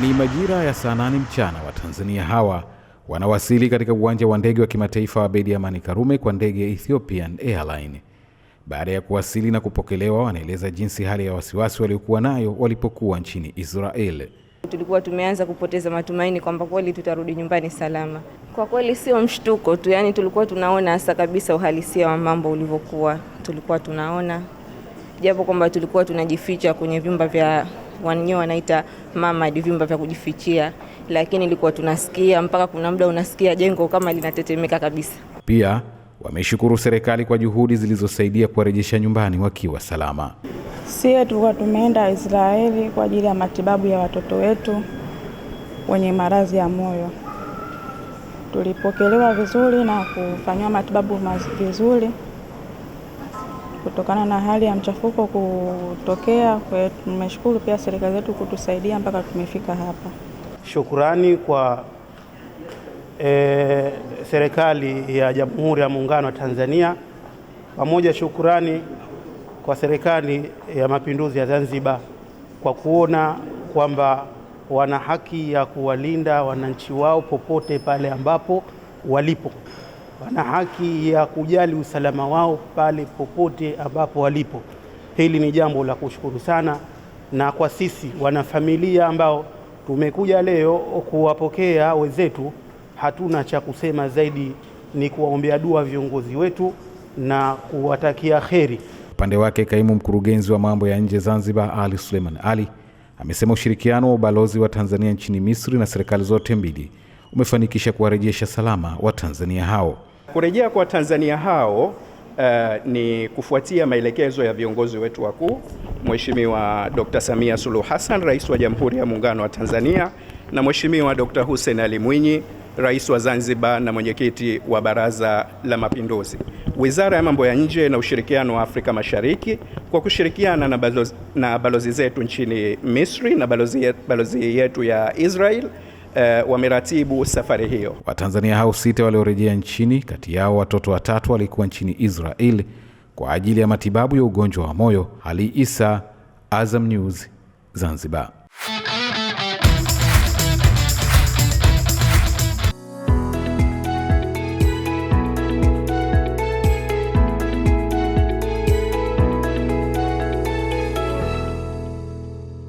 Ni majira ya saa nane mchana. wa tanzania hawa wanawasili katika uwanja wa ndege wa kimataifa wa Abeid Amani Karume kwa ndege ya Ethiopian Airline. Baada ya kuwasili na kupokelewa, wanaeleza jinsi hali ya wasiwasi waliokuwa nayo walipokuwa nchini Israel. Tulikuwa tumeanza kupoteza matumaini kwamba kweli tutarudi nyumbani salama. Kwa kweli sio mshtuko tu, yani tulikuwa tunaona hasa kabisa uhalisia wa mambo ulivyokuwa, tulikuwa tunaona japo kwamba tulikuwa tunajificha kwenye vyumba vya wenyewe wanaita mama vyumba vya kujifichia, lakini ilikuwa tunasikia mpaka kuna muda unasikia jengo kama linatetemeka kabisa. Pia wameshukuru serikali kwa juhudi zilizosaidia kuwarejesha nyumbani wakiwa salama. Sie tulikuwa tumeenda Israeli kwa ajili ya matibabu ya watoto wetu wenye maradhi ya moyo. Tulipokelewa vizuri na kufanyiwa matibabu vizuri kutokana na hali ya mchafuko kutokea. Tumeshukuru pia serikali zetu kutusaidia mpaka tumefika hapa. Shukurani kwa e, serikali ya Jamhuri ya Muungano wa Tanzania pamoja, shukurani kwa serikali ya Mapinduzi ya Zanzibar kwa kuona kwamba wana haki ya kuwalinda wananchi wao popote pale ambapo walipo wana haki ya kujali usalama wao pale popote ambapo walipo. Hili ni jambo la kushukuru sana, na kwa sisi wanafamilia ambao tumekuja leo kuwapokea wenzetu, hatuna cha kusema zaidi, ni kuwaombea dua viongozi wetu na kuwatakia kheri. Upande wake kaimu mkurugenzi wa mambo ya nje Zanzibar, Ali Suleiman Ali, amesema ushirikiano wa ubalozi wa Tanzania nchini Misri na serikali zote mbili umefanikisha kuwarejesha salama Watanzania hao. Kurejea kwa Watanzania hao Uh, ni kufuatia maelekezo ya viongozi wetu wakuu, Mheshimiwa Dr. Samia Suluhu Hassan, Rais wa Jamhuri ya Muungano wa Tanzania na Mheshimiwa Dr. Hussein Ali Mwinyi, Rais wa Zanzibar na mwenyekiti wa Baraza la Mapinduzi. Wizara ya Mambo ya Nje na Ushirikiano wa Afrika Mashariki kwa kushirikiana na balozi, na balozi zetu nchini Misri na balozi yetu ya Israel uh, wameratibu safari hiyo. Watanzania hao sita waliorejea nchini, kati yao watoto watatu walikuwa nchini Israel kwa ajili ya matibabu ya ugonjwa wa moyo. Ali Isa, Azam News, Zanzibar.